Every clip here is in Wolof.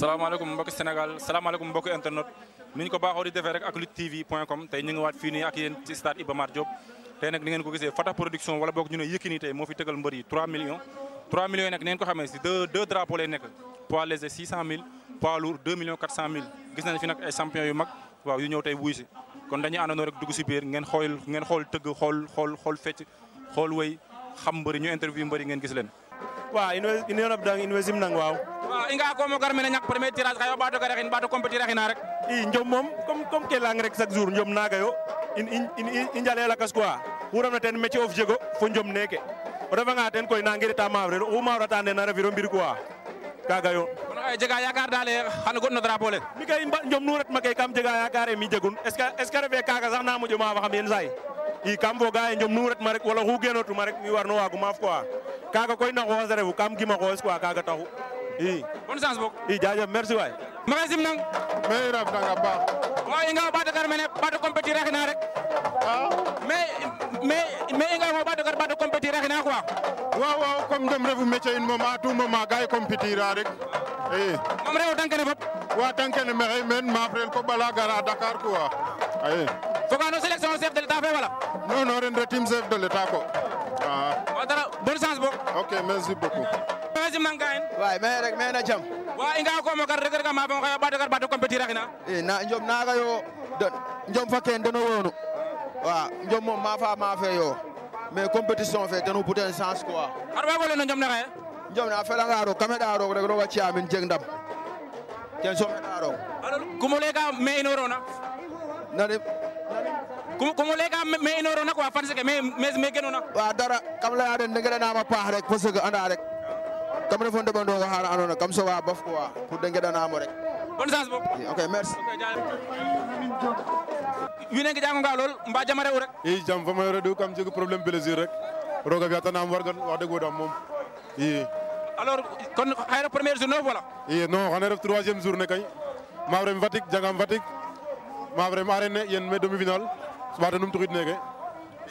salaamaaleykum mbokki Sénégal salaamaaleykum mbokki internet ni ñu ko baaxoo di defee rek ak TV point com tey ñu ak yéen stade Iba Mar Diop tey nag ni ngeen ko gisee Fata production wala si deux drapeaux lay nekk poids léger 600 000 poids lourd 2 millions gis nañ fi nag ay champion yu mag waaw yu ñëw tey wuy si kon dañuy àndandoo rek dugg si biir xool tëgg xool xool xool fecc xool wéy xam mbëri ñu interview mbëri ngeen gis leen waaw Ah, i nga a komo garmene ñak premier tirage xaye o ɓaato gar axin compétir axina rek i njom moom comme ke layang rek chaque jour njom naaga yo i njale lakas quoi xu refna teen métier jego fo njom neeke o refanga teen koy nangi reta maafrel oxu maafrata nde refiro mbir quoi kaaga yo jega yaakaar daal xan o goɗ no drapeau le mi kay njom nu retma kay kam jega yaakaar mi jegun est ce refe kaaga sax na moƴo maafa xam yeen saay i kam fooga e njom nu retma rek wala xu genotuma i bonne chance bok i jaajëf merci a maxey simnang mais raf nanga baax waaw i nga o a gar mene ɓaato compétir a xina rek ah. mais mais i nga o a gar ɓaato compétir a xina quoi waaw waaw comme dem refu métier in moom à tout moment a rek i moom rew o kene fop wa tang kene maxey meen mafrel koɓ ala gara Dakar quoi ay foga no sélection chef de l'état fe wala non ren retim chef de l'état ko ah. wa dara bonne chance bo ok merci beaucoup tagasi mankain way me na jam wa inga ko mo kar rek ma ba ko ba a kar ba to compétir akina e na njom na ga yo njom fa ken dono wonu wa njom mom ma fa ma fe yo mais compétition fe tenu pour un sens quoi har ba ko le na ga njom na fe la ga ro kameda ro ci amin jeng ndam ken so me da ro kumule ka me na na kumu leka me inoro na ko fanse ke me me genona wa dara kam la kam refoon deɓandong oxa na kam soowa baf quoi pour de ngeɗanaam rek bonne chance boog wiin we ngeƴangonga lool mba jam a re'u rek i jam fo mayu reɗ'u kam jegu problème blessure rek roog a fi'atanaam wargal wax deg wodaam moom i alors kon xaye ref première journée of wala i non xan a ref troisième journée kay maaf rem Fatick ne yen me demi finale ɓaata num tuxid neeke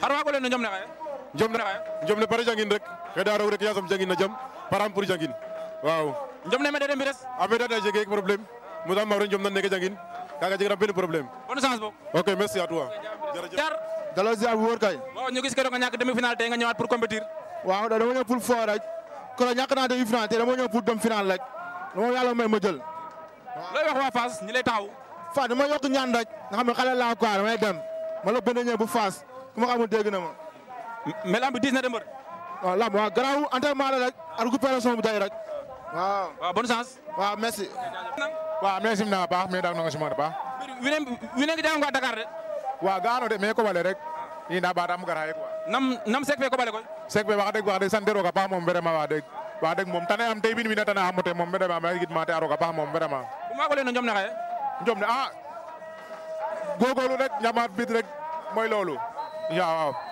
xar waago len no njom xaye njom pare jangin rek xeɗa roog rek yasam jangin na jam param pour jangin waaw jomne mede mbires a ah, medade jege problème mosam mawre jom nan neke jangin kaga jegiram benn problème ok merci à toi jar dalo ziar bu wóor ñu gis ke nga ñàkk demi finale tey nga ñëwaat pour compétir waaw da dama ñëw pour fo rek a la ñàkk naa demi finale tey dama ñëw pour dem finale rek dama yàlla may ma jël looy wax waa Fass ñi lay taxaw Fass dama yokk ñaan rek nga xam ne laa quoi damay dem ma la waaw lamb waaw garaaw entraînement la rek ak récupération bu day rek waaw. waaw bonne chance. waaw merci. waaw merci naa baax mais daal na nga si mën a baax. a nañ wii nañ jàng waa Dakar de. waaw gaano de mais ko bale rek. i nda baataam gara ye quoi. nam sek fe ko bale koy. sek fe wax dëgg wax dëgg sant rooga baax moom vraiment wax dëgg. wax dëgg moom tane am tey bin wina tane am te moom vraiment ma gid ma te a rooga baax moom vraiment. bu maa ko leen njom na xaye. njom ne ah. rek ñamaat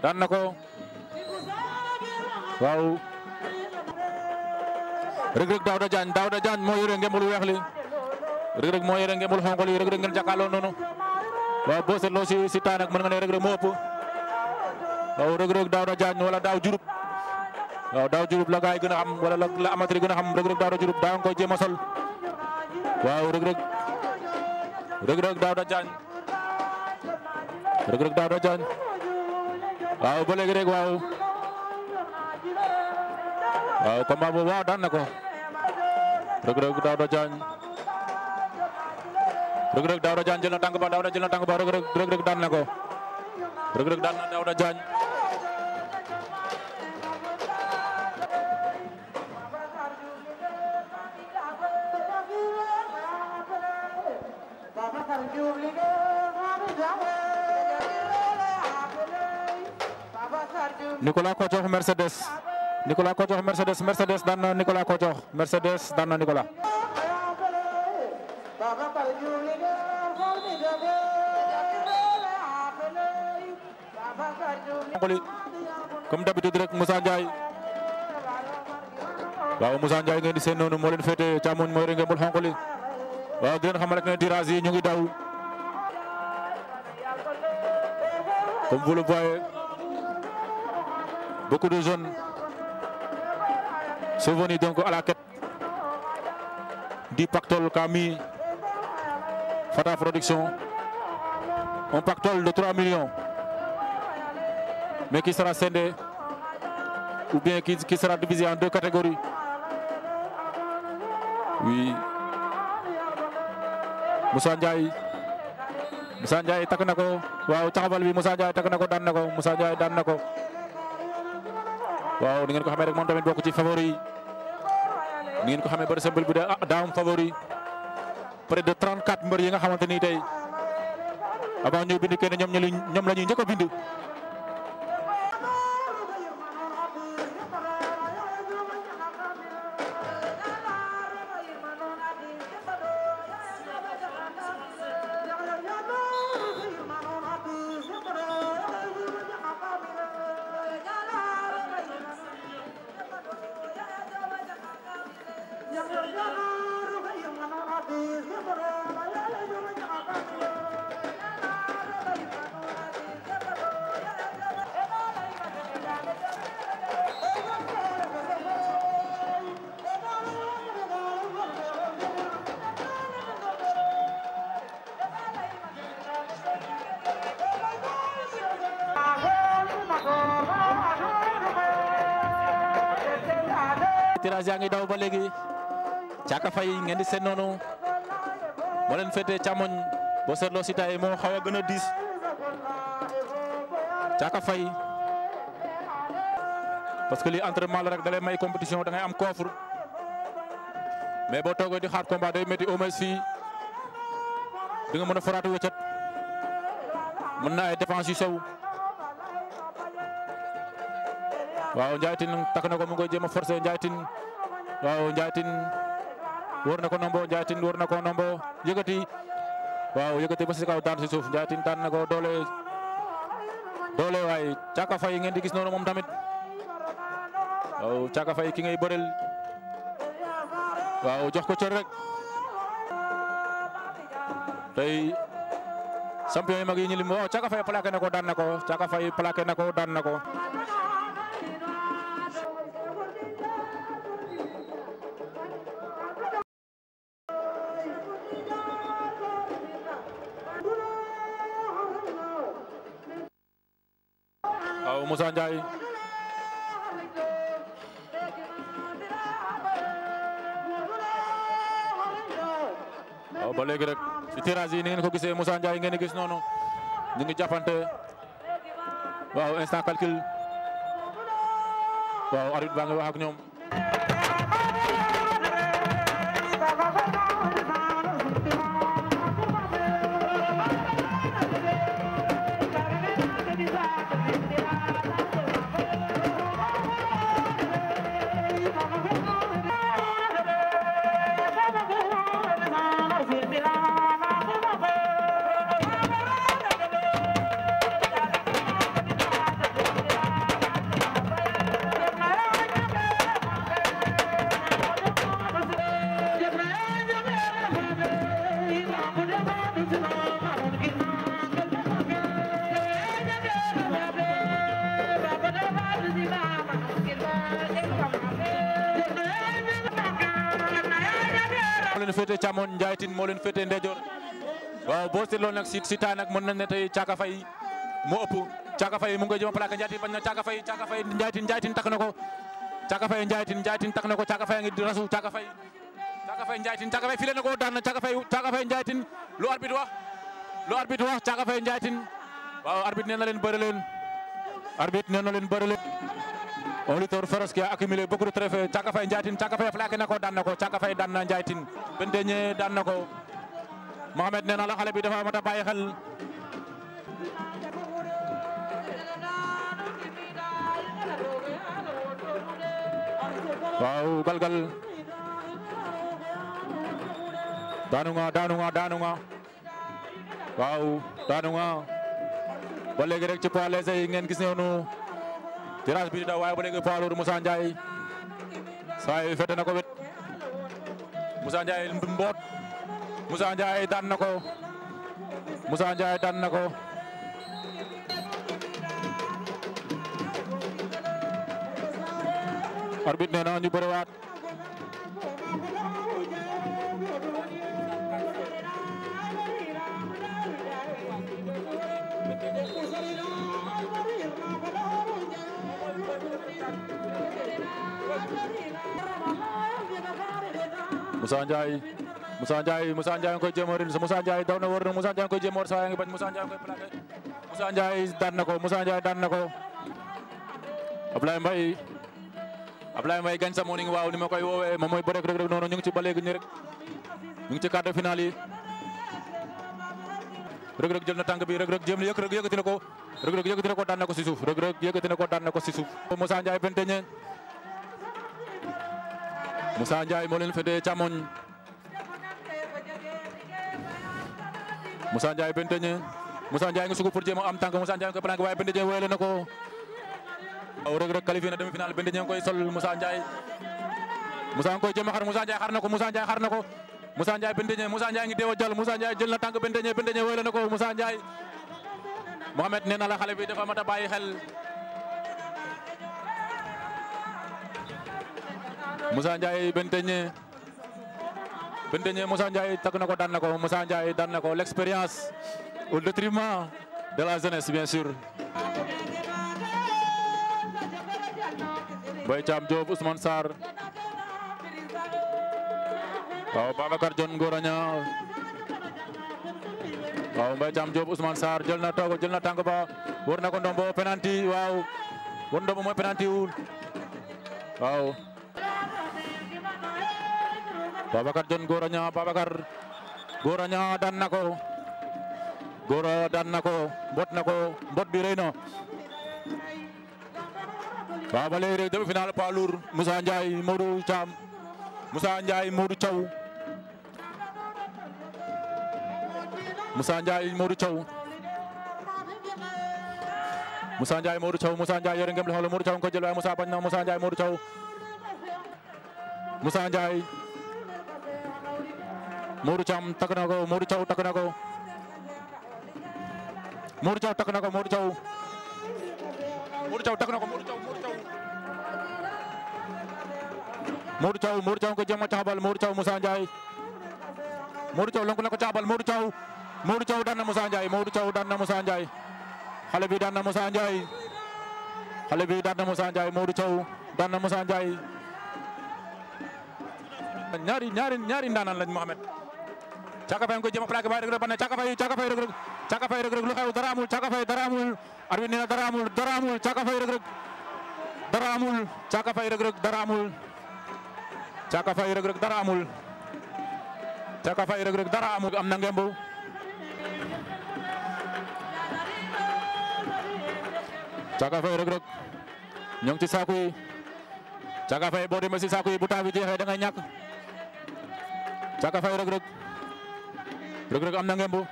daan na ko waaw Reug Reug Daouda Diagne Daouda Diagne moo yore ngembul weex li Reug Reug moo yore ngembul xonq li Reug Reug ngeen jàkkaarloo noonu waaw boo seetloo si si taan ak nga ne Reug Reug moo ëpp waaw Reug Reug wala daaw jurub waaw daaw jurub la gën a xam wala la amatri gën a xam Reug Reug Daouda jurub daa nga koy jéem a sol waaw Reug Reug Reug Reug Daouda Diagne waaw ba léegi rek waaw waaw combat boobu waaw daan na ko Reug Reug Daouda Diagne Reug Reug Daouda Diagne jël na tànk ba Daouda jël na tànk ba Reug Reug daan na ko Reug Reug daan na Daouda Diagne Nicolas Kotiox Mercedes Nicolas Kotiox Mercedes Mercedes daan na Nicolas Kotiox Mercedes daan Nicolas. comme d'habitude rek Moussa Ndiaye waaw Moussa Ndiaye ngeen di seen noonu moo leen féete càmmoñ mooy rek waaw di leen xamal ne tirage yi ñu ngi daw comme vous le Beaucoup de jeunes sont donc à la quête du pactole qu'a mis Fata Production. Un pactole de 3 millions, mais qui sera scindé ou bien qui, qui sera divisé en deux catégories. Oui. Moussa Ndiaye Moussa Ndiaye takk na ko waaw taxawal bi Moussa Ndiaye takk na ko daan na ko Moussa Ndiaye daan na ko waaw ni ngeen ko xamee rek moom tamit bokk ci favori yi ni ngeen ko xamee par exemple da ah, daam favori près de 34 mbër yi nga xamante ni a avant ñuy bind kenn ñoom ñoom la ñuy njëkk a bind. tirage yaa daw ba léegi Caaka Faye ngeen di seen noonu moo leen féetee càmmoñ boo seetloo si tay moo xaw a gën a diis Caaka Faye parce que lii entraînement la rek da may compétition da ngay am coffre mais boo toogee di xaar combat day métti au moins fii di mën a foraatu wëccat mën na ay défense yu sew. waaw Ndiaye Tine takk ko mu ngi a forcé Ndiaye Tine na ko nombo Ndiaye Tine wër na ko nombo yëkkati waaw yëkkati ba si kaw daan si suuf Ndiaye daan na ko doole doole waaye Thiaka Faye ngeen di gis noonu moom tamit waaw Thiaka Faye ki ngay bëreel jox ko cër rek tey champion yi mag yi ñu lim waaw Thiaka daan na ko Thiaka Faye plaqué na ko daan na ko. Moussa Ndiaye waaw ba léegi rek ci tirage yi ni ngeen ko gisee Moussa Ndiaye ngeen gis noonu ñu ngi jàppante waaw instant calcul waaw arbitre baa ngi wax ak ñoom leen féete càmmoñ Ndiaye Tine moo leen féete ndeyjoor waaw boo seetloo nag si si taa nag mën na ne tey Caaka Faye moo a Caaka Faye mu ngi koy jëm plaqué Ndiaye Tine bañ na Caaka Faye Caaka Faye Ndiaye Tine Ndiaye Tine takk na ko Caaka Faye Ndiaye Tine Ndiaye Tine takk na ko Caaka Faye ngi rasu Caaka Faye Caaka Faye Ndiaye Tine Caaka Faye filé na ko daan na Caaka Faye Caaka Faye Ndiaye Tine lu arbitre wax lu arbitre wax Caaka Faye Ndiaye Tine waaw arbitre leen bëri un lutteur féroce qui a accumulé beaucoup de trophées Thiaka Faye Ndiaye Tine Thiaka ko daan ko Thiaka Faye daan na Ndiaye Tine benn ko Mohamed nee na la xale bi dafa mat a xel waaw galgal daanu nga daanu waaw daanu nga ba léegi rek ci poids léger ngeen gis noonu tirage bi di daw waaye ba léegi poids lourd Moussa Ndiaye fete na ko wet Moussa Ndiaye mboot Moussa Ndiaye daan na ko Moussa Ndiaye daan na ko arbitre nee na ñu bëriwaat Moussa Ndiaye Moussa Ndiaye Moussa Ndiaye nga koy jéem a rin Moussa Ndiaye daw na wër na Moussa Ndiaye nga koy a wër saa yaa ngi bañ Moussa Ndiaye nga koy plaqué Moussa Ndiaye ko Moussa Ndiaye daan na ko Ablaye Mbaye Ablaye Mbaye gañ sa moo ni waaw ni ma koy woowee moom mooy bëreek rek rek noonu ñu ngi ci ba léegi nii rek ñu ngi ci quart de na tànk bi Reug Reug jéem na yëkkati na ko Reug na ko daan na ko si suuf Reug Reug yëkkati na ko daan ko si Moussa Ndiaye moo leen féetee càmmoñ Moussa Ndiaye Benteñe Moussa Ndiaye nga sukk pour jéem a am tànk Moussa Ndiaye nga ko planqué waaye Benteñe wéyale na ko aw Reug Reug qualifié na demi-finale Benteñe nga koy sol Moussa Ndiaye Moussa nga koy jéem a xar Moussa Ndiaye ko Moussa Ndiaye xar na ko Moussa Ndiaye Benteñe Moussa Ndiaye ngi deewa jàll Moussa Ndiaye jël na tànk Benteñe Benteñe wéyale xale bi dafa mat a xel Moussa Ndiaye Benteñe Benteñe Moussa Ndiaye takk na ko daan na ko Moussa Ndiaye daan na ko l'expérience au détriment de la jeunesse bien sûr. Boy Thiam Diop Ousmane Sarr waaw Babacar John Ngoraña waaw Boy Thiam Diop Ousmane Sarr jël na toog jël ba war na ko waaw war ndombo mooy penalty wul waaw. Babacar John Gora Niang Babacar Gora Niang daan na ko Gora daan na ko mbot na ko mbot bi na waaw ba léegi rek demi-finale poids lourd Moussa Ndiaye Modou Thiam Moussa Ndiaye Modou Thiaw Moussa Ndiaye Modou Thiaw Moussa Ndiaye Modou Thiaw Moussa ko jël waaye Moussa bañ na Moussa Ndiaye Modou Thiaw Moussa Ndiaye モールちゃんタクナゴモールちゃうタクナゴモールちゃうタクナゴモールちゃうモールちゃうタクナゴモールちゃうモールちゃうモールちゃうモールちゃうこじまちゃばモールちゃうムサンジャイモールちゃうロングナコちゃばモールちゃうモールちゃうダンナムサンジャイモールちゃうダンナムサンジャイハレビダンナムサンジャイハレビダンナムサンジャイモールちゃうダンナムサンジャイ ñaari ñaari ñaari ndaanaan lañ Mohamed Thiaka Faye nga ko jéem a plaqué waaye Reug Reug ba ne Thiaka Faye Thiaka Faye Reug Reug Thiaka Faye Reug Reug lu xew dara amul Thiaka Faye dara amul arbitre nee na dara amul dara amul Thiaka Faye Reug Reug dara amul Thiaka Faye Reug Reug dara amul Thiaka Faye Reug Reug dara amul Thiaka Faye Reug Reug dara amul am na ngembo Thiaka Faye Reug Reug ñoo ngi ci saako yi Thiaka Faye boo demee si saako yi bu temps bi jeexee da ngay ñàkk Caaka fay Reug Reug Reug Reug am na ngembu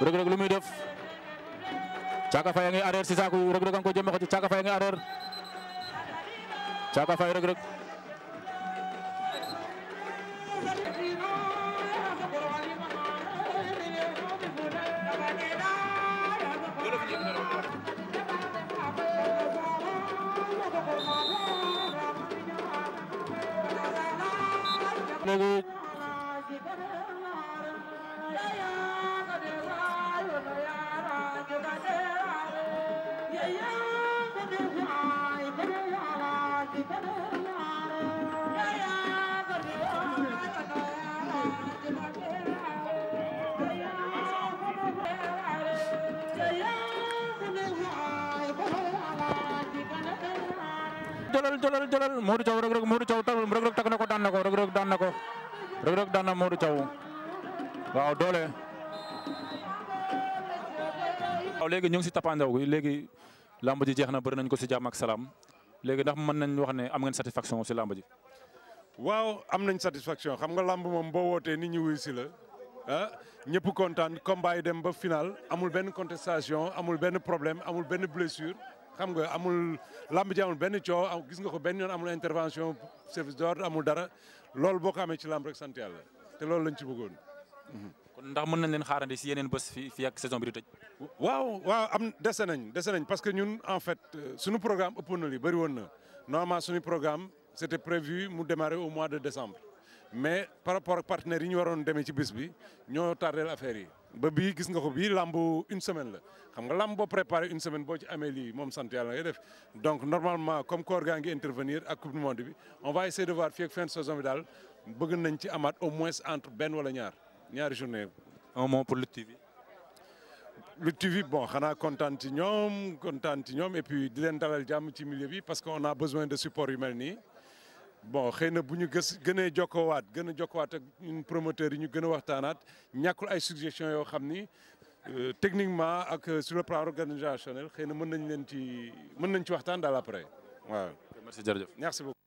lu muy def Caaka Faye a ngi arrière si saaku Reug Reug a ngi ko jëmee ko ci Caaka Faye a ngi arrière Caaka Faye Negu jëlal jëlal jëlal Modou Thiaw Reug rek Modou Thiaw Reug na ko daan na ko Reug daan na ko Reug Reug daan na Modou Thiaw waaw doole. waaw léegi ñu ngi si tapaandaw gi léegi làmb ji jeex na bëri nañ ko si jàmm ak salaam léegi ndax mën nañ wax ne am ngeen satisfaction si làmb ji. waaw am nañ satisfaction xam nga làmb moom boo wootee nit ñi wuy si la ah, ñëpp kontaan combat yi dem ba final amul benn contestation amul benn problème amul benn blessure. xam nga amul làmb ji amul benn coow gis nga ko benn yoon amul intervention service d'ordre amul dara lool boo ko ci làmb rek sant yàlla te loolu lañ ci bëggoon. kon ndax mën nañ leen xaarandi si yeneen bés fi fii ak saison bi di tëj. waaw waaw am dese nañ dese nañ parce que ñun en fait euh, suñu programme ëppoon na li bëri woon na normalement suñu programme c'était prévu mu démarrer au mois de décembre mais par rapport ak partenaires yi ñu waroon demee ci bés bi ñoo tardeel affaire yi. ba bii gis nga ko bii làmb une semaine la xam nga lamb boo préparé une semaine boo ci ameeli moom sant yàlla ngay def donc normalement comme koor gaa ngi intervenir ak coupe du monde bi on va essayer de voir fii fin de saison bi daal bëgg nañ ci amaat au moins entre benn wala ñaar ñaari journée un mot pour Lutte TV. Lutte TV bon xanaa kontaan ci ñoom kontaan ci ñoom et puis di leen dalal jàmm ci milieu bi parce que on a besoin de support yu mel nii. bon xëy na bu ñu gës gënee jokkoowaat gën a jokkoowaat ak ñun promoteurs yi ñu gën a waxtaanaat ñàkkul ay suggestion yoo xam ni euh, techniquement ak euh, sur le plan organisationnel xëy na mën nañ leen ci mën nañ ci waxtaan daal après waaw. merci jërëjëf merci beaucoup.